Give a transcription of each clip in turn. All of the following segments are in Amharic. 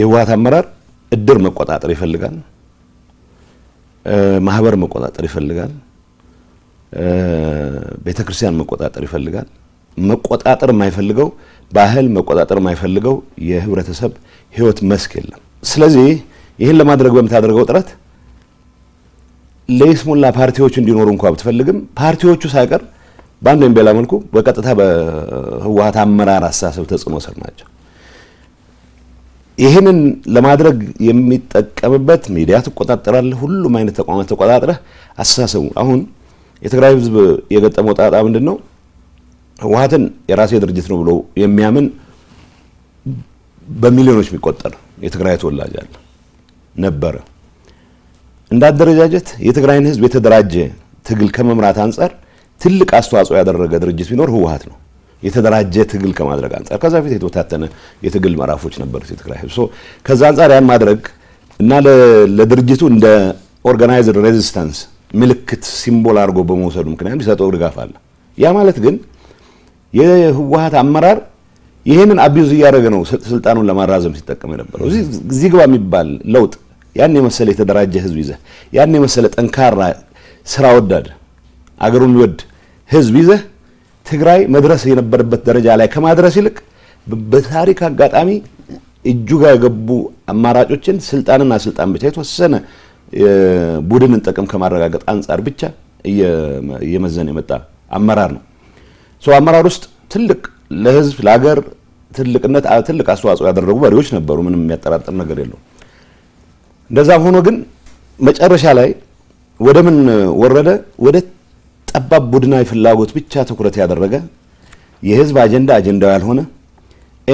የህወሓት አመራር እድር መቆጣጠር ይፈልጋል፣ ማህበር መቆጣጠር ይፈልጋል፣ ቤተክርስቲያን መቆጣጠር ይፈልጋል። መቆጣጠር የማይፈልገው ባህል መቆጣጠር የማይፈልገው የህብረተሰብ ህይወት መስክ የለም። ስለዚህ ይህን ለማድረግ በምታደርገው ጥረት ለይስሙላ ፓርቲዎች እንዲኖሩ እንኳ ብትፈልግም ፓርቲዎቹ ሳይቀር በአንድ ወይም በሌላ መልኩ በቀጥታ በህወሓት አመራር አስተሳሰብ ተጽዕኖ ስር ናቸው። ይህንን ለማድረግ የሚጠቀምበት ሚዲያ ትቆጣጠራለህ። ሁሉም አይነት ተቋማት ተቆጣጥረህ አስተሳሰቡ አሁን የትግራይ ህዝብ የገጠመው ጣጣ ምንድን ነው? ህወሀትን የራሴ ድርጅት ነው ብሎ የሚያምን በሚሊዮኖች የሚቆጠር የትግራይ ተወላጅ አለ ነበረ። እንደ አደረጃጀት የትግራይን ህዝብ የተደራጀ ትግል ከመምራት አንጻር ትልቅ አስተዋጽኦ ያደረገ ድርጅት ቢኖር ህወሀት ነው። የተደራጀ ትግል ከማድረግ አንጻር ከዛ በፊት የተወታተነ የትግል ምዕራፎች ነበሩት የትግራይ ህዝብ። ከዛ አንጻር ያን ማድረግ እና ለድርጅቱ እንደ ኦርጋናይዝድ ሬዚስታንስ ምልክት ሲምቦል አድርጎ በመውሰዱ ምክንያት ሊሰጠው ድጋፍ አለ። ያ ማለት ግን የህወሀት አመራር ይህንን አቢዩዝ እያደረገ ነው ስልጣኑን ለማራዘም ሲጠቀም የነበረው። እዚህ ግባ የሚባል ለውጥ ያን የመሰለ የተደራጀ ህዝብ ይዘህ ያን የመሰለ ጠንካራ ስራ ወዳድ አገሩን ይወድ ህዝብ ይዘህ ትግራይ መድረስ የነበረበት ደረጃ ላይ ከማድረስ ይልቅ በታሪክ አጋጣሚ እጁ ጋር የገቡ አማራጮችን ስልጣንና ስልጣን ብቻ የተወሰነ ቡድንን ጥቅም ከማረጋገጥ አንጻር ብቻ እየመዘን የመጣ አመራር ነው። ሰው አመራር ውስጥ ትልቅ ለህዝብ ለሀገር ትልቅነት ትልቅ አስተዋጽኦ ያደረጉ መሪዎች ነበሩ። ምንም የሚያጠራጥር ነገር የለው። እንደዛም ሆኖ ግን መጨረሻ ላይ ወደ ምን ወረደ? ወደ ጠባብ ቡድናዊ ፍላጎት ብቻ ትኩረት ያደረገ የህዝብ አጀንዳ አጀንዳው ያልሆነ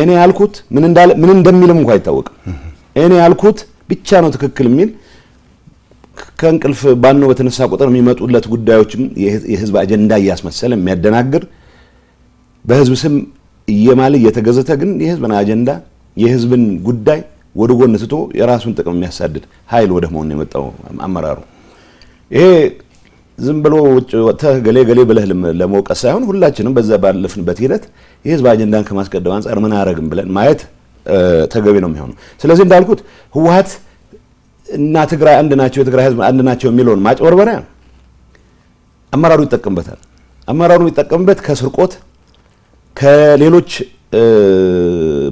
እኔ ያልኩት ምን እንዳለ ምን እንደሚልም እንኳ አይታወቅም። እኔ ያልኩት ብቻ ነው ትክክል የሚል ከእንቅልፍ ባኖ በተነሳ ቁጥር የሚመጡለት ጉዳዮችም የህዝብ አጀንዳ እያስመሰለ የሚያደናግር በህዝብ ስም እየማል እየተገዘተ ግን የህዝብን አጀንዳ የህዝብን ጉዳይ ወደ ጎን ትቶ የራሱን ጥቅም የሚያሳድድ ኃይል ወደ መሆን የመጣው አመራሩ ይሄ ዝም ብሎ ውጭ ወጥተህ ገሌ ገሌ ብለህ ለመውቀስ ሳይሆን ሁላችንም በዛ ባለፍንበት ሂደት የህዝብ አጀንዳን ከማስቀደም አንጻር ምን አረግም ብለን ማየት ተገቢ ነው የሚሆኑ። ስለዚህ እንዳልኩት ህወሀት እና ትግራይ አንድ ናቸው፣ የትግራይ ህዝብ አንድ ናቸው የሚለውን ማጭበርበሪያ አመራሩ ይጠቀምበታል። አመራሩ የሚጠቀምበት ከስርቆት ከሌሎች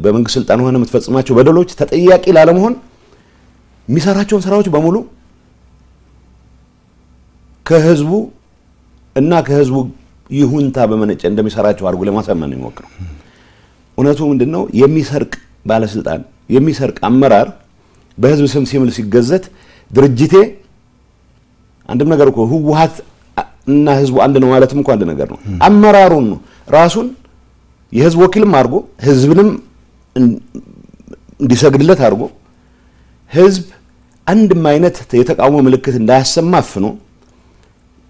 በመንግስት ስልጣን ሆነ የምትፈጽማቸው በደሎች ተጠያቂ ላለመሆን የሚሰራቸውን ስራዎች በሙሉ ከህዝቡ እና ከህዝቡ ይሁንታ በመነጨ እንደሚሰራቸው አድርጎ ለማሳመን ነው የሚሞክረው። እውነቱ ምንድን ነው? የሚሰርቅ ባለስልጣን፣ የሚሰርቅ አመራር በህዝብ ስም ሲምል ሲገዘት ድርጅቴ አንድም ነገር እኮ ህወሀት እና ህዝቡ አንድ ነው ማለትም እኮ አንድ ነገር ነው። አመራሩን ነው ራሱን የህዝብ ወኪልም አድርጎ ህዝብንም እንዲሰግድለት አድርጎ ህዝብ አንድም አይነት የተቃውሞ ምልክት እንዳያሰማ አፍኖ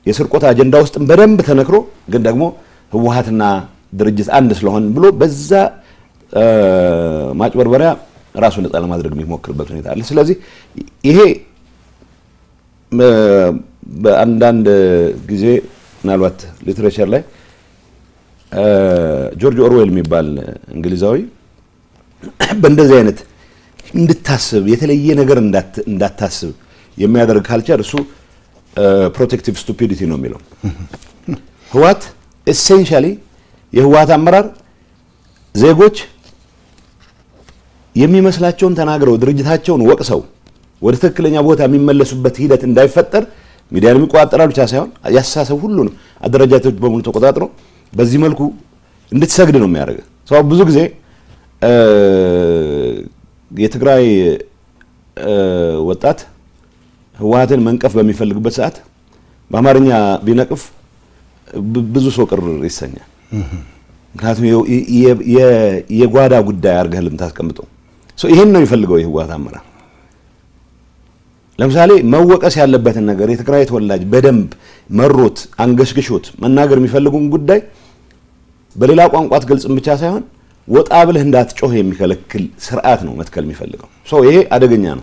የስርቆት አጀንዳ ውስጥም በደንብ ተነክሮ ግን ደግሞ ህወሀትና ድርጅት አንድ ስለሆን ብሎ በዛ ማጭበርበሪያ ራሱን ነጻ ለማድረግ የሚሞክርበት ሁኔታ አለ። ስለዚህ ይሄ በአንዳንድ ጊዜ ምናልባት ሊትሬቸር ላይ ጆርጅ ኦርዌል የሚባል እንግሊዛዊ በእንደዚህ አይነት እንድታስብ የተለየ ነገር እንዳታስብ የሚያደርግ ካልቸር እሱ ፕሮቴክቲቭ ስቱፒዲቲ ነው የሚለው ህዋት ኤሴንሻሊ የህዋት አመራር ዜጎች የሚመስላቸውን ተናግረው ድርጅታቸውን ወቅሰው ወደ ትክክለኛ ቦታ የሚመለሱበት ሂደት እንዳይፈጠር ሚዲያንም ይቆጣጠራል ብቻ ሳይሆን ያሳሰብ ሁሉንም አደረጃጀቶች በሙሉ ተቆጣጥሮ በዚህ መልኩ እንድትሰግድ ነው የሚያደርገ ሰው ብዙ ጊዜ የትግራይ ወጣት ህወሀትን መንቀፍ በሚፈልግበት ሰዓት በአማርኛ ቢነቅፍ ብዙ ሰው ቅር ይሰኛል። ምክንያቱም የጓዳ ጉዳይ አድርገህ ልምታስቀምጠው ይህን ነው የሚፈልገው የህወሀት አመራር። ለምሳሌ መወቀስ ያለበትን ነገር የትግራይ ተወላጅ በደንብ መሮት አንገሽግሾት መናገር የሚፈልጉን ጉዳይ በሌላ ቋንቋ አትገልጽም ብቻ ሳይሆን ወጣ ብለህ እንዳትጮህ የሚከለክል ስርዓት ነው መትከል የሚፈልገው። ይሄ አደገኛ ነው።